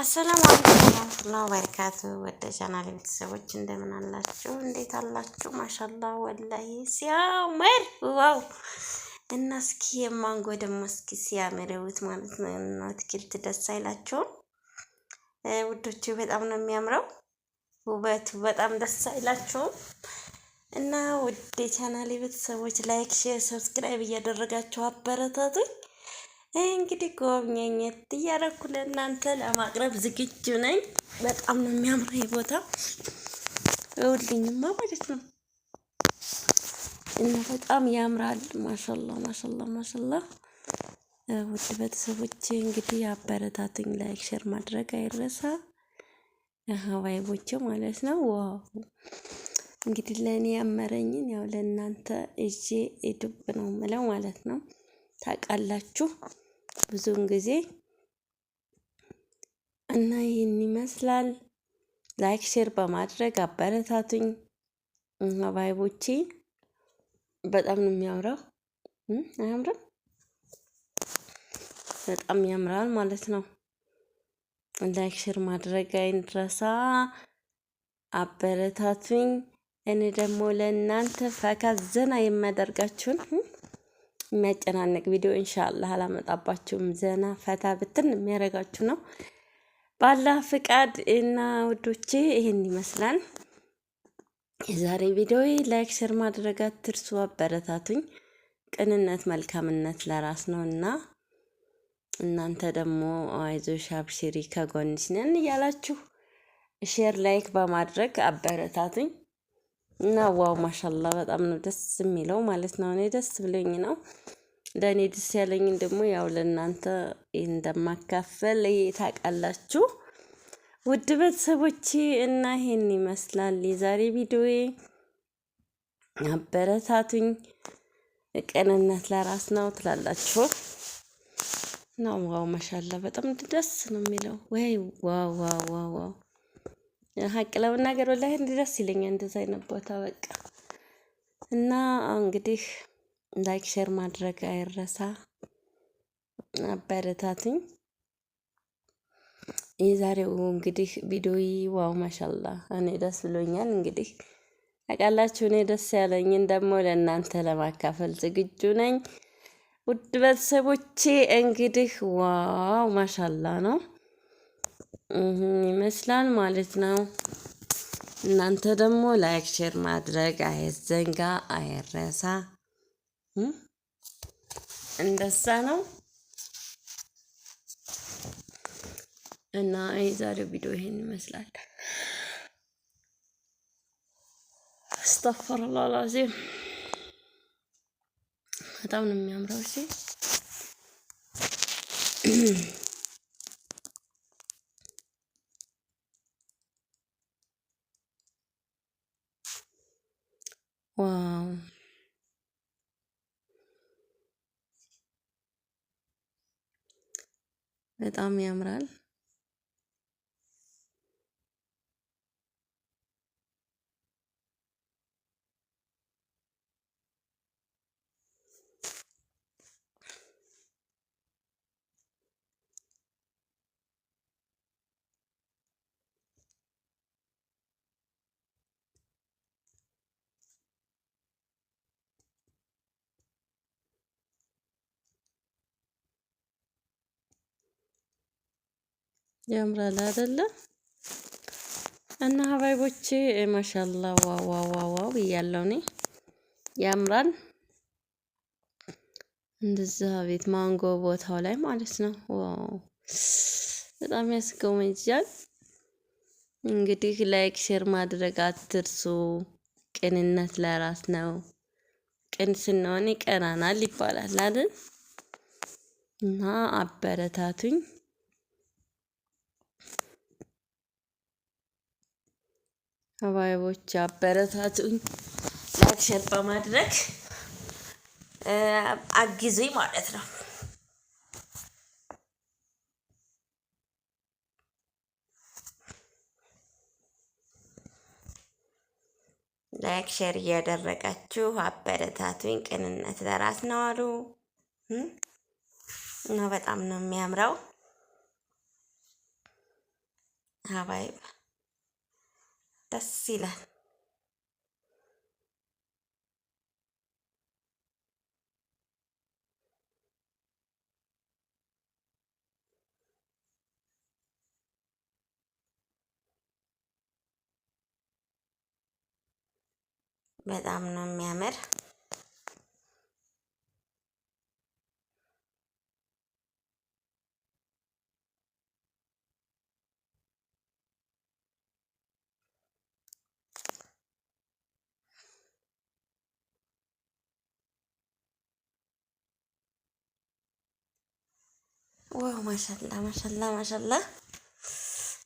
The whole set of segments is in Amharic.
አሰላሙ አለይኩም ወራህመቱላሂ ወበረካቱ። ወደ ቻናል ቤተሰቦች እንደምን አላችሁ? እንዴት አላችሁ? ማሻላ ወላሂ ሲያምር ዋው! እና እስኪ የማንጎ ደግሞ እስኪ ሲያምረውት ማለት ነው። እና አትክልት ደስ አይላችሁም ውዶቹ? በጣም ነው የሚያምረው ውበቱ። በጣም ደስ አይላችሁም? እና ወደ ቻናል ቤተሰቦች ላይክ፣ ሼር፣ ሰብስክራይብ እያደረጋችሁ አበረታቱኝ እንግዲህ ጎብኘኝት እያረኩ ለእናንተ ለማቅረብ ዝግጁ ነኝ። በጣም ነው የሚያምረው ቦታ ሁልኝማ ማለት ነው እና በጣም ያምራል። ማሻላ ማሻላ ማሻላ። ውድ ቤተሰቦች እንግዲህ አበረታትኝ፣ ላይክ ሼር ማድረግ አይረሳ ሀዋይቦቼ ማለት ነው። ዋው እንግዲህ ለእኔ ያመረኝን ያው ለእናንተ እጄ ዱብ ነው ምለው ማለት ነው ታውቃላችሁ። ብዙውን ጊዜ እና ይህን ይመስላል። ላይክ ሼር በማድረግ አበረታቱኝ ባይቦቼ። በጣም ነው የሚያምረው። አያምርም? በጣም ያምራል ማለት ነው። ላይክ ሼር ማድረግ አይንረሳ። አበረታቱኝ። እኔ ደግሞ ለእናንተ ፈካ ዘና የሚያደርጋችሁን የሚያጨናንቅ ቪዲዮ ኢንሻአላህ አላመጣባችሁም። ዘና ፈታ ብትን የሚያደርጋችሁ ነው ባላ ፍቃድ እና ውዶቼ ይህን ይመስላል የዛሬ ቪዲዮ። ላይክ ሸር ማድረጋት ትርሱ አበረታቱኝ። ቅንነት መልካምነት ለራስ ነው እና እናንተ ደግሞ አይዞሽ አብሽሪ ከጎንሽ ነን እያላችሁ ሼር ላይክ በማድረግ አበረታቱኝ። እና ዋው ማሻላ በጣም ነው ደስ የሚለው ማለት ነው። እኔ ደስ ብሎኝ ነው ለእኔ ደስ ያለኝን ደግሞ ያው ለእናንተ እንደማካፈል ታውቃላችሁ። ውድ ቤተሰቦቼ እና ይሄን ይመስላል የዛሬ ቪዲዮዬ። አበረታቱኝ። ቅንነት ለራስ ነው ትላላችሁ እና ዋው ማሻላ በጣም ደስ ነው የሚለው ወይ ዋው ዋው ዋው ዋው ሀቅ ለመናገር ወላሂ ደስ ይለኛል እንደዛ አይነት ቦታ በቃ እና እንግዲህ ላይክ ሼር ማድረግ አይረሳ፣ አበረታትኝ። የዛሬው እንግዲህ ቪዲዮ ዋው ማሻላ፣ እኔ ደስ ብሎኛል። እንግዲህ ታውቃላችሁ እኔ ደስ ያለኝን ደግሞ ለእናንተ ለማካፈል ዝግጁ ነኝ። ውድ ቤተሰቦቼ እንግዲህ ዋው ማሻላ ነው። ይመስላል ማለት ነው። እናንተ ደግሞ ላይክ ሼር ማድረግ አይዘንጋ አይረሳ። እንደዛ ነው እና የዛሬው ቪዲዮ ይሄን ይመስላል። አስተፈርላ ላዚም በጣም ነው የሚያምረው እሺ። Wow. በጣም ያምራል ያምራል አይደለ? እና ሀባይቦቼ ማሻላ ዋዋዋዋው እያለው እኔ ያምራል። እንደዛ ቤት ማንጎ ቦታው ላይ ማለት ነው። ዋው በጣም ያስጎመጃል። እንግዲህ ላይክ ሼር ማድረግ አትርሱ። ቅንነት ለራስ ነው። ቅን ስንሆን ይቀናናል ይባላል አይደል? እና አበረታቱኝ። ሰባይቦች አበረታቱኝ፣ ላይክ ሼር በማድረግ አግዙኝ ማለት ነው። ላይክ ሼር እያደረጋችሁ አበረታቱኝ። ቅንነት ለራስ ነው አሉ እና በጣም ነው የሚያምረው አባይ ደስ ይላል። በጣም ነው የሚያምር። ዋው! ማሻላ ማሻላ ማሻላ።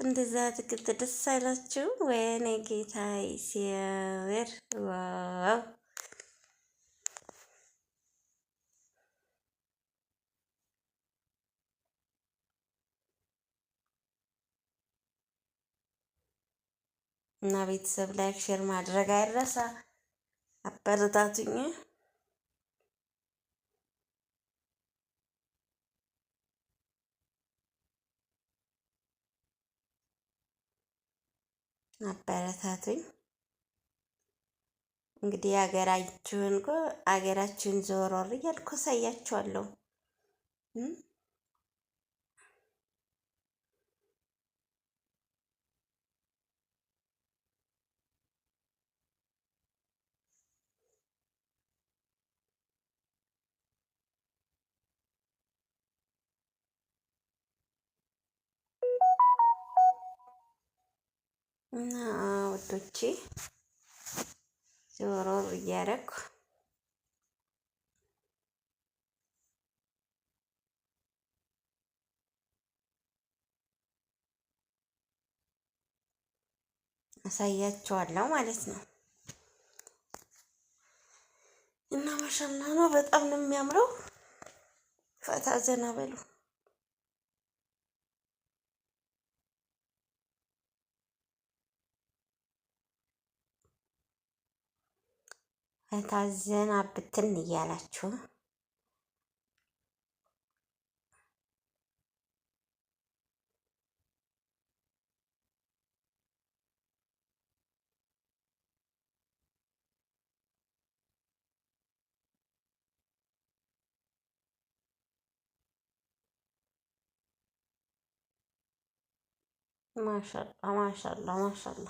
እንደዛ አትክልት ደስ አይላችሁ? ወይኔ ጌታ ሲያምር! ዋው! እና ቤተሰብ ላይክ ሼር ማድረግ አይረሳ። አበረታቱኝ። አበረታቱኝ። እንግዲህ አገራችሁን እኮ አገራችሁን ዞሮር እያልኩ አሳያችኋለሁ። እና ወዶቼ ዞሮ እያደረኩ አሳያቸዋለሁ ማለት ነው። እና ማሻላ ነው። በጣም ነው የሚያምረው። ፈታ ዘና በሉ። ታዘና ብትን እያላችሁ ማሻላ ማሻላ ማሻላ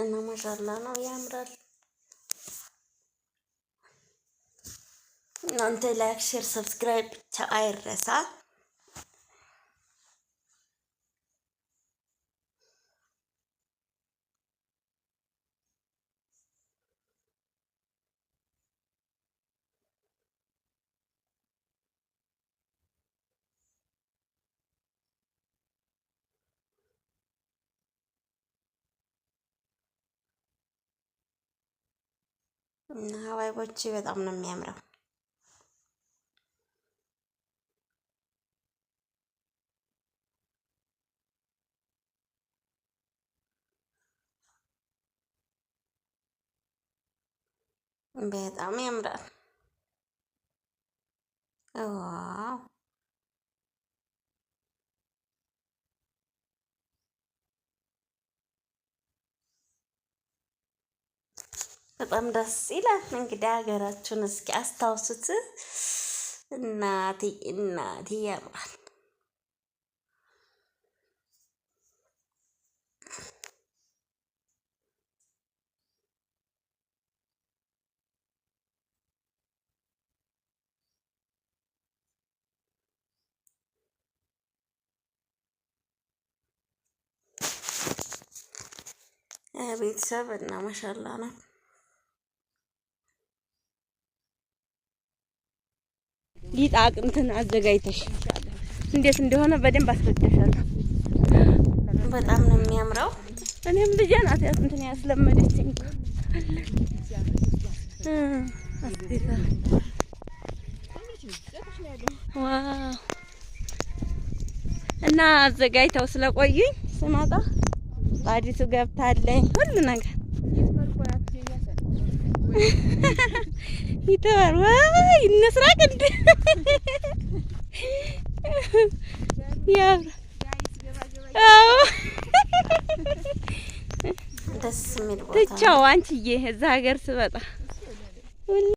እና ማሻላ ነው ያምራል። እናንተ ላይክ፣ ሼር፣ ሰብስክራይብ ብቻ አይረሳ። እና ሀባይቦቼ በጣም ነው የሚያምረው። በጣም ያምራል። ዋው በጣም ደስ ይላል። እንግዲህ ሀገራችሁን እስኪ አስታውሱት። እናቴ እናቴ ያምራል። ቤተሰብ እና ማሻላ ነው። ሊጥ አቅምትን አዘጋጅተሽ እንዴት እንደሆነ በደንብ አስረዳሻለሁ። በጣም ነው የሚያምረው። እኔም ልጄ ናት እንትን ያስለመደችኝ እና አዘጋጅተው ስለቆዩኝ ስመጣ ባዲቱ ገብታለኝ ሁሉ ነገር ይተዋል። ዋይ እነስራ ቅንድ ያብራ ደስ የሚል ቦታ ትቻው አንቺዬ እዛ ሀገር ስበጣ